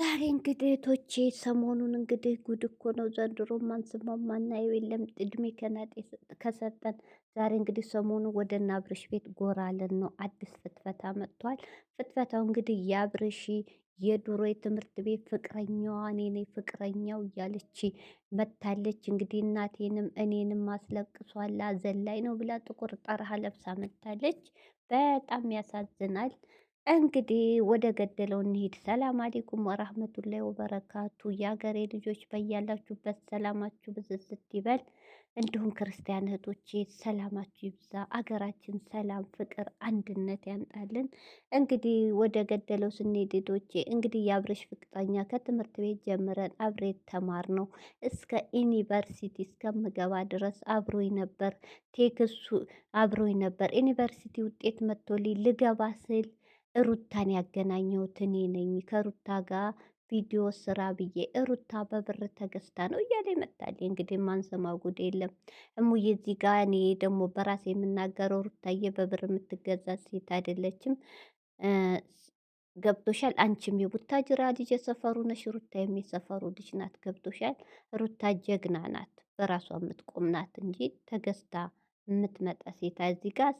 ዛሬ እንግዲህ ቶቼ ሰሞኑን እንግዲህ ጉድ እኮ ነው ዘንድሮ ማንስማው ማናየው የለም። እድሜ ከናጤ ከሰጠን ዛሬ እንግዲህ ሰሞኑ ወደ እነ አብርሽ ቤት ጎራለን ነው። አዲስ ፍትፈታ መጥቷል። ፍትፈታው እንግዲህ የአብርሽ የድሮ የትምህርት ቤት ፍቅረኛዋ እኔ ፍቅረኛው እያለች መታለች። እንግዲህ እናቴንም እኔንም አስለቅሷል። ዘላይ ነው ብላ ጥቁር ጠርሃ ለብሳ መታለች። በጣም ያሳዝናል። እንግዲህ ወደ ገደለው እንሂድ። ሰላም አሌኩም ወራህመቱላይ ወበረካቱ። የአገሬ ልጆች በያላችሁበት ሰላማችሁ ብዝዝት ይበል። እንዲሁም ክርስቲያን እህቶቼ ሰላማችሁ ይብዛ። አገራችን ሰላም፣ ፍቅር፣ አንድነት ያምጣልን። እንግዲህ ወደ ገደለው ስንሄድ እህቶቼ እንግዲህ የአብሬሽ ፍቅጠኛ ከትምህርት ቤት ጀምረን አብሬት ተማር ነው እስከ ዩኒቨርሲቲ እስከምገባ ድረስ አብሮኝ ነበር። ቴክሱ አብሮኝ ነበር። ዩኒቨርሲቲ ውጤት መጥቶልኝ ልገባ ስል ሩታን ያገናኘሁት እኔ ነኝ ከሩታ ጋር ቪዲዮ ስራ ብዬ እሩታ በብር ተገዝታ ነው እያለ መጣል። እንግዲህ ማንሰማው ጉድ የለም። እሙዬ እዚህ ጋር እኔ ደግሞ በራሴ የምናገረው ሩታዬ በብር የምትገዛ ሴት አይደለችም። ገብቶሻል? አንቺም የቡታጅራ ልጅ የሰፈሩ ነሽ፣ ሩታ የሚሰፈሩ ልጅ ናት። ገብቶሻል? ሩታ ጀግና ናት፣ በራሷ የምትቆም ናት እንጂ ተገዝታ የምትመጣ ሴት እዚህ ጋር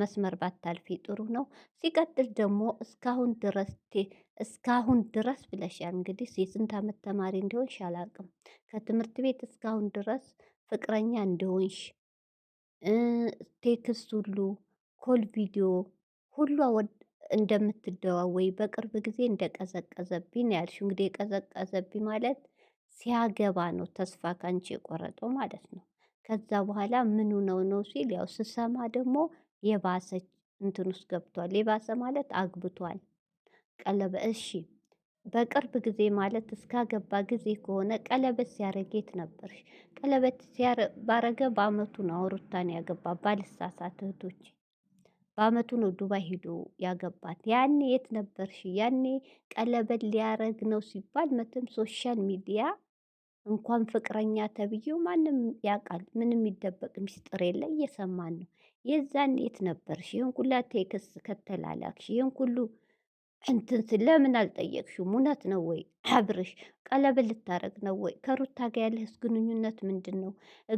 መስመር ባታልፊ ጥሩ ነው። ሲቀጥል ደግሞ እስካሁን ድረስ እስካሁን ድረስ ብለሻል። እንግዲህ የስንት ዓመት ተማሪ እንደሆንሽ አላውቅም። ከትምህርት ቤት እስካሁን ድረስ ፍቅረኛ እንደሆንሽ ቴክስት ሁሉ ኮል፣ ቪዲዮ ሁሉ ወድ እንደምትደዋወይ በቅርብ ጊዜ እንደቀዘቀዘብኝ ነው ያልሽው። እንግዲህ የቀዘቀዘብኝ ማለት ሲያገባ ነው ተስፋ ካንቺ የቆረጠው ማለት ነው። ከዛ በኋላ ምኑ ነው ነው ሲል ያው ስሰማ ደግሞ የባሰ እንትን ውስጥ ገብቷል። የባሰ ማለት አግብቷል። ቀለበ እሺ፣ በቅርብ ጊዜ ማለት እስካገባ ጊዜ ከሆነ ቀለበት ሲያረግ የት ነበርሽ? ቀለበት ባረገ በአመቱ ነው አውሮታን ያገባ ባልሳሳት እህቶች፣ በአመቱ ነው ዱባይ ሂዶ ያገባት። ያኔ የት ነበርሽ? ያኔ ቀለበት ሊያረግ ነው ሲባል መቼም ሶሻል ሚዲያ እንኳን ፍቅረኛ ተብዬው ማንም ያውቃል። ምንም የሚደበቅ ሚስጥር የለ፣ እየሰማን ነው። የዛን የት ነበርሽ? ይህን ሁላ ቴክስ ከተላላክሽ ይህን ሁሉ እንትን ለምን አልጠየቅሽም? እውነት ነው ወይ አብርሽ ቀለበት ልታረግ ነው ወይ? ከሩታ ጋር ያለህስ ግንኙነት ምንድን ነው?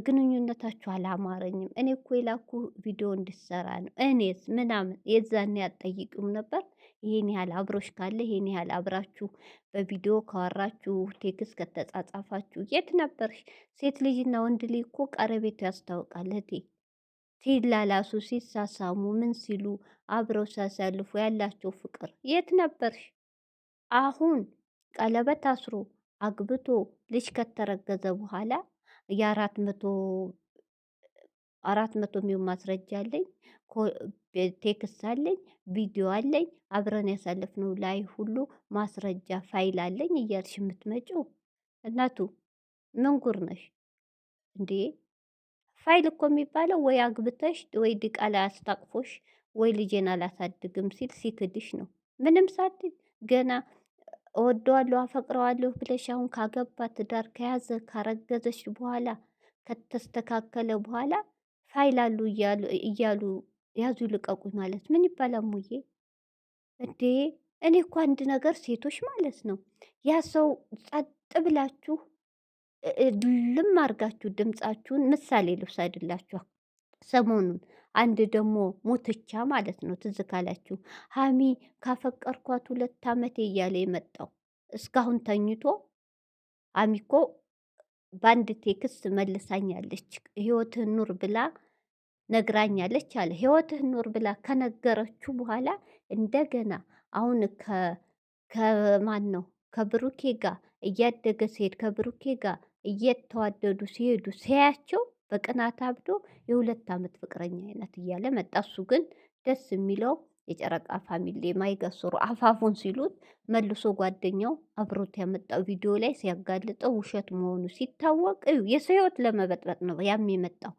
ግንኙነታችሁ አላማረኝም። እኔ እኮ የላኩ ቪዲዮ እንድሰራ ነው እኔስ ምናምን የዛን ያጠይቅም ነበር። ይህን ያህል አብሮሽ ካለ ይህን ያህል አብራችሁ በቪዲዮ ካወራችሁ ቴክስ ከተጻጻፋችሁ የት ነበርሽ? ሴት ልጅና ወንድ ልጅ እኮ ቀረቤቱ ያስታውቃል እህቴ። ሲላላሱ ሲሳሳሙ ምን ሲሉ አብረው ሲያሳልፉ ያላቸው ፍቅር የት ነበርሽ? አሁን ቀለበት አስሮ አግብቶ ልጅ ከተረገዘ በኋላ የአራት መቶ አራት መቶ ማስረጃ አለኝ፣ ቴክስት አለኝ፣ ቪዲዮ አለኝ፣ አብረን ያሳለፍነው ላይ ሁሉ ማስረጃ ፋይል አለኝ እያልሽ የምትመጪው እናቱ ምን ጉር ነሽ እንዴ? ፋይል እኮ የሚባለው ወይ አግብተሽ ወይ ድቃላ አስታቅፎሽ ወይ ልጄን አላሳድግም ሲል ሲክድሽ ነው። ምንም ሳት ገና እወደዋለሁ አፈቅረዋለሁ ብለሽ አሁን ካገባ ትዳር ከያዘ ካረገዘች በኋላ ከተስተካከለ በኋላ ፋይል አሉ እያሉ ያዙ ይልቀቁኝ ማለት ምን ይባላል? ሙዬ እንዴ! እኔ እኮ አንድ ነገር ሴቶች ማለት ነው ያ ሰው ጸጥ ብላችሁ ልም አድርጋችሁ ድምፃችሁን ምሳሌ ልብስ ልውሰድላችሁ። ሰሞኑን አንድ ደግሞ ሙትቻ ማለት ነው። ትዝ ካላችሁ ሀሚ ካፈቀርኳት ሁለት ዓመቴ እያለ የመጣው እስካሁን ተኝቶ አሚኮ በአንድ ቴክስት መልሳኛለች። ህይወትህን ኑር ብላ ነግራኛለች አለ። ህይወትህን ኑር ብላ ከነገረችው በኋላ እንደገና አሁን ከማን ነው ከብሩኬ ጋር እያደገ ሲሄድ ከብሩኬ ጋር እየተዋደዱ ሲሄዱ ሲያያቸው በቅናት አብዶ የሁለት ዓመት ፍቅረኛ አይነት እያለ መጣ። እሱ ግን ደስ የሚለው የጨረቃ ፋሚሊ ማይገስሩ አፋፉን ሲሉት መልሶ ጓደኛው አብሮት ያመጣው ቪዲዮ ላይ ሲያጋልጠው ውሸት መሆኑ ሲታወቅ የሰው ህይወት ለመበጥበጥ ነው ያም የመጣው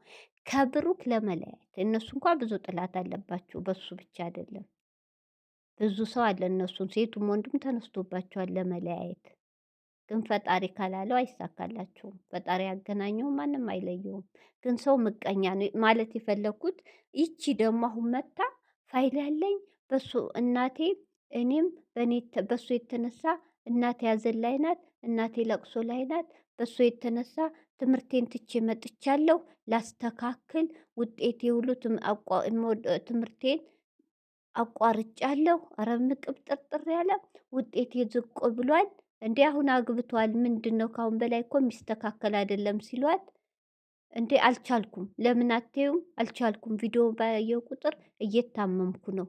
ከብሩክ ለመለያየት። እነሱ እንኳ ብዙ ጥላት አለባቸው፣ በሱ ብቻ አይደለም ብዙ ሰው አለ። እነሱን ሴቱም ወንዱም ተነስቶባቸዋል ለመለያየት። ግን ፈጣሪ ካላለው አይሳካላችሁም። ፈጣሪ ያገናኘው ማንም አይለየውም። ግን ሰው ምቀኛ ነው ማለት የፈለግኩት ይቺ ደግሞ አሁን መታ ፋይል ያለኝ በሱ እናቴ እኔም በሱ የተነሳ እናቴ ያዘን ላይ ናት፣ እናቴ ለቅሶ ላይ ናት። በሱ የተነሳ ትምህርቴን ትቼ መጥቻለሁ። ላስተካክል ውጤት የውሉ ትምህርቴን አቋርጫለሁ። ምቅብ ጥርጥር ያለ ውጤት የዝቆ ብሏል። እንዴ አሁን አግብቷል ምንድን ነው ካሁን በላይ እኮ የሚስተካከል አይደለም ሲሏት፣ እንዴ አልቻልኩም፣ ለምን አትዩም? አልቻልኩም፣ ቪዲዮ ባየው ቁጥር እየታመምኩ ነው፣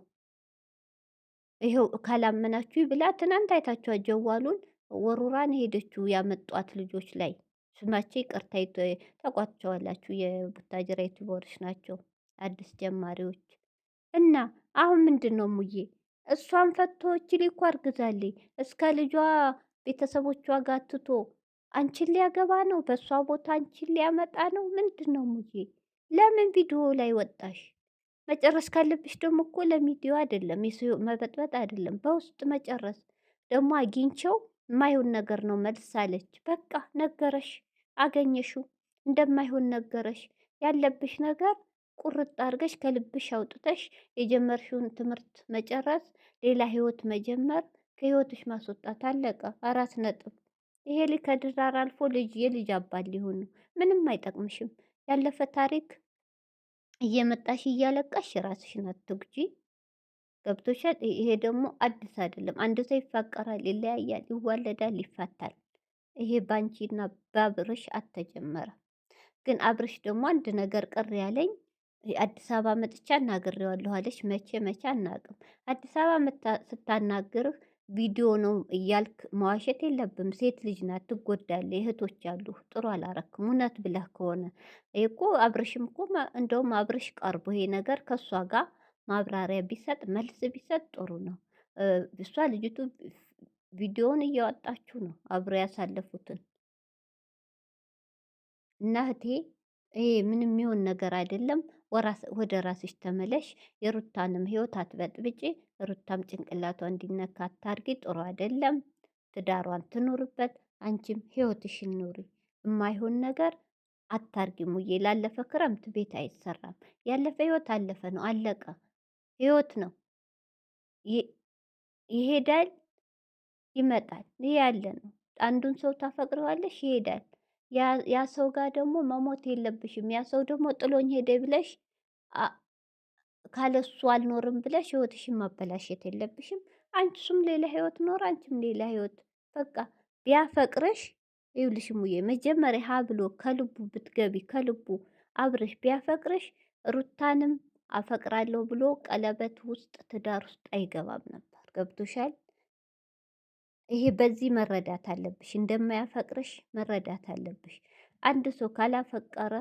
ይኸው ካላመናችሁ ብላ ትናንት አይታችኋ ጀዋሉን ወሩራን ሄደችው ያመጧት ልጆች ላይ ስማቼ ይቅርታ ታቋቸዋላችሁ። የቡታጅራ ዩቲዩበሮች ናቸው አዲስ ጀማሪዎች እና አሁን ምንድን ነው ሙዬ እሷን ፈቶች ሊኳ አርግዛለኝ እስከ ልጇ ቤተሰቦቿ ጋር ትቶ አንቺን ሊያገባ ነው፣ በእሷ ቦታ አንቺን ሊያመጣ ነው። ምንድን ነው ሙዬ? ለምን ቪዲዮ ላይ ወጣሽ? መጨረስ ካለብሽ ደግሞ እኮ ለሚዲዮ አይደለም፣ የሰው መበጥበጥ አይደለም፣ በውስጥ መጨረስ። ደግሞ አግኝቸው የማይሆን ነገር ነው መልስ አለች። በቃ ነገረሽ፣ አገኘሽው፣ እንደማይሆን ነገረሽ። ያለብሽ ነገር ቁርጥ አድርገሽ ከልብሽ አውጥተሽ የጀመርሽውን ትምህርት መጨረስ፣ ሌላ ህይወት መጀመር ከህይወትሽ ማስወጣት አለቀ። አራት ነጥብ። ይሄ ልጅ ከድራር አልፎ ልጅ የልጅ አባል ሊሆን ነው። ምንም አይጠቅምሽም። ያለፈ ታሪክ እየመጣሽ እያለቃሽ ራስሽን አትጉጂ። ገብቶሻል? ይሄ ደግሞ አዲስ አይደለም። አንድ ሰው ይፋቀራል፣ ይለያያል፣ ይዋለዳል፣ ይፋታል። ይሄ ባንቺና ባብርሽ አልተጀመረ። ግን አብርሽ ደግሞ አንድ ነገር ቅር ያለኝ አዲስ አበባ መጥቻ አናግሬዋለሁ አለች። መቼ መቼ አናቅም። አዲስ አበባ ስታናግርህ ቪዲዮ ነው እያልክ መዋሸት የለብም። ሴት ልጅ ናት፣ ትጎዳለ። እህቶች አሉ። ጥሩ አላረክም። እውነት ብለህ ከሆነ እኮ አብርሽም እኮ እንደውም አብርሽ ቀርቦ ይሄ ነገር ከእሷ ጋር ማብራሪያ ቢሰጥ መልስ ቢሰጥ ጥሩ ነው። እሷ ልጅቱ ቪዲዮውን እያወጣችሁ ነው አብሮ ያሳለፉትን እና እህቴ ይሄ ምንም የሚሆን ነገር አይደለም። ወደ ራስሽ ተመለሽ። የሩታንም ህይወት አትበጥብጪ። ሩታም ጭንቅላቷ እንዲነካ አታርጊ። ጥሩ አይደለም። ትዳሯን ትኑርበት፣ አንቺም ህይወትሽን ኑሪ። የማይሆን ነገር አታርጊ ሙዬ። ላለፈ ክረምት ቤት አይሰራም። ያለፈ ህይወት አለፈ ነው፣ አለቀ። ህይወት ነው፣ ይሄዳል፣ ይመጣል፣ ያለ ነው። አንዱን ሰው ታፈቅረዋለሽ፣ ይሄዳል ያ ሰው ጋር ደግሞ መሞት የለብሽም። ያ ሰው ደግሞ ጥሎኝ ሄደ ብለሽ ካለሱ አልኖርም ብለሽ ህይወትሽን ማበላሸት የለብሽም። አንቺሱም ሌላ ህይወት ኖር፣ አንቺም ሌላ ህይወት። በቃ ቢያፈቅርሽ ይውልሽ ሙዬ መጀመሪያ ሀ ብሎ ከልቡ ብትገቢ ከልቡ አብረሽ ቢያፈቅርሽ ሩታንም አፈቅራለሁ ብሎ ቀለበት ውስጥ ትዳር ውስጥ አይገባም ነበር። ገብቶሻል? ይሄ በዚህ መረዳት አለብሽ፣ እንደማያፈቅርሽ መረዳት አለብሽ። አንድ ሰው ካላፈቀረ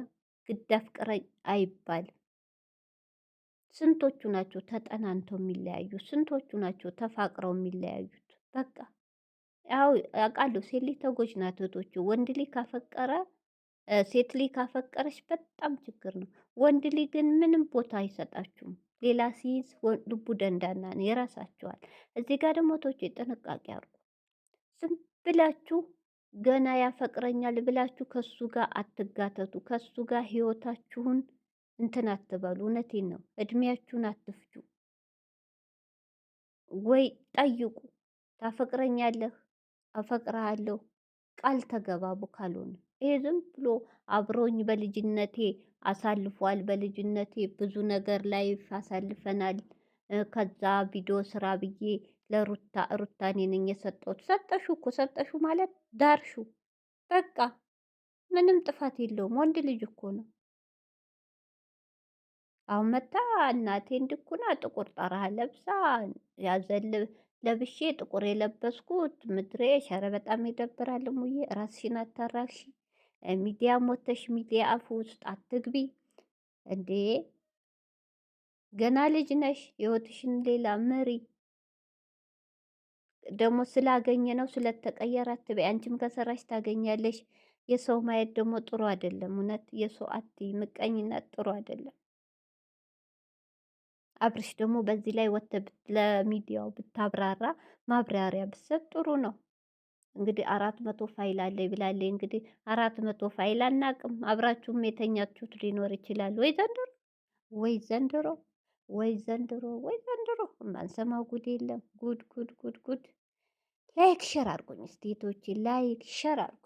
ግድ አፍቅረኝ አይባልም። ስንቶቹ ናቸው ተጠናንተው የሚለያዩ? ስንቶቹ ናቸው ተፋቅረው የሚለያዩት? በቃ ያው አውቃለሁ፣ ሴት ልጅ ተጎጂ ናት እህቶቹ። ወንድ ልጅ ካፈቀረ ሴት ልጅ ካፈቀረች በጣም ችግር ነው። ወንድ ልጅ ግን ምንም ቦታ አይሰጣችሁም። ሌላ ሲይዝ ልቡ ደንዳና ነው፣ ይረሳችኋል። እዚህ ጋር ደግሞ እህቶቹ ጥንቃቄ አድርጉ። ዝም ብላችሁ ገና ያፈቅረኛል ብላችሁ ከሱ ጋር አትጋተቱ። ከሱ ጋር ህይወታችሁን እንትን አትበሉ። እውነቴን ነው። እድሜያችሁን አትፍጁ። ወይ ጠይቁ። ታፈቅረኛለህ፣ አፈቅረሃለሁ፣ ቃል ተገባቡ። ካልሆነ ይሄ ዝም ብሎ አብሮኝ በልጅነቴ አሳልፏል፣ በልጅነቴ ብዙ ነገር ላይፍ አሳልፈናል፣ ከዛ ቪዲዮ ስራ ብዬ ለሩታ ሩታ እኔ ነኝ የሰጠሁት። ሰጠሹ እኮ ሰጠሹ ማለት ዳርሹ። በቃ ምንም ጥፋት የለውም። ወንድ ልጅ እኮ ነው። አሁን መታ እናቴ እንድኩና ጥቁር ጠራህ ለብሳ ያዘል ለብሼ ጥቁር የለበስኩት ምድሬ ሸረ በጣም ይደብራል። ሙዬ ራስሽን አታራሽ ሚዲያ ሞተሽ ሚዲያ አፍ ውስጥ አትግቢ እንዴ! ገና ልጅ ነሽ። ህይወትሽን ሌላ መሪ ደግሞ ስላገኘ ነው ስለተቀየረ አትበይ። አንቺም ከሰራሽ ታገኛለሽ። የሰው ማየት ደግሞ ጥሩ አይደለም። እውነት የሰው አት ምቀኝነት ጥሩ አይደለም። አብርሽ ደግሞ በዚህ ላይ ወጥተህ ለሚዲያው ብታብራራ ማብራሪያ ብትሰጥ ጥሩ ነው። እንግዲህ አራት መቶ ፋይል አለ ይብላል። እንግዲህ አራት መቶ ፋይል አናቅም። አብራችሁም የተኛችሁት ሊኖር ይችላል። ወይ ዘንድሮ ወይ ዘንድሮ ወይ ዘንድሮ ወይ ዘንድሮ ማንሰማው ጉድ የለም። ጉድ ጉድ ጉድ ጉድ ላይክ ሸር አድርጎኝ እስቴቶች ላይክ ሸር አድርጎ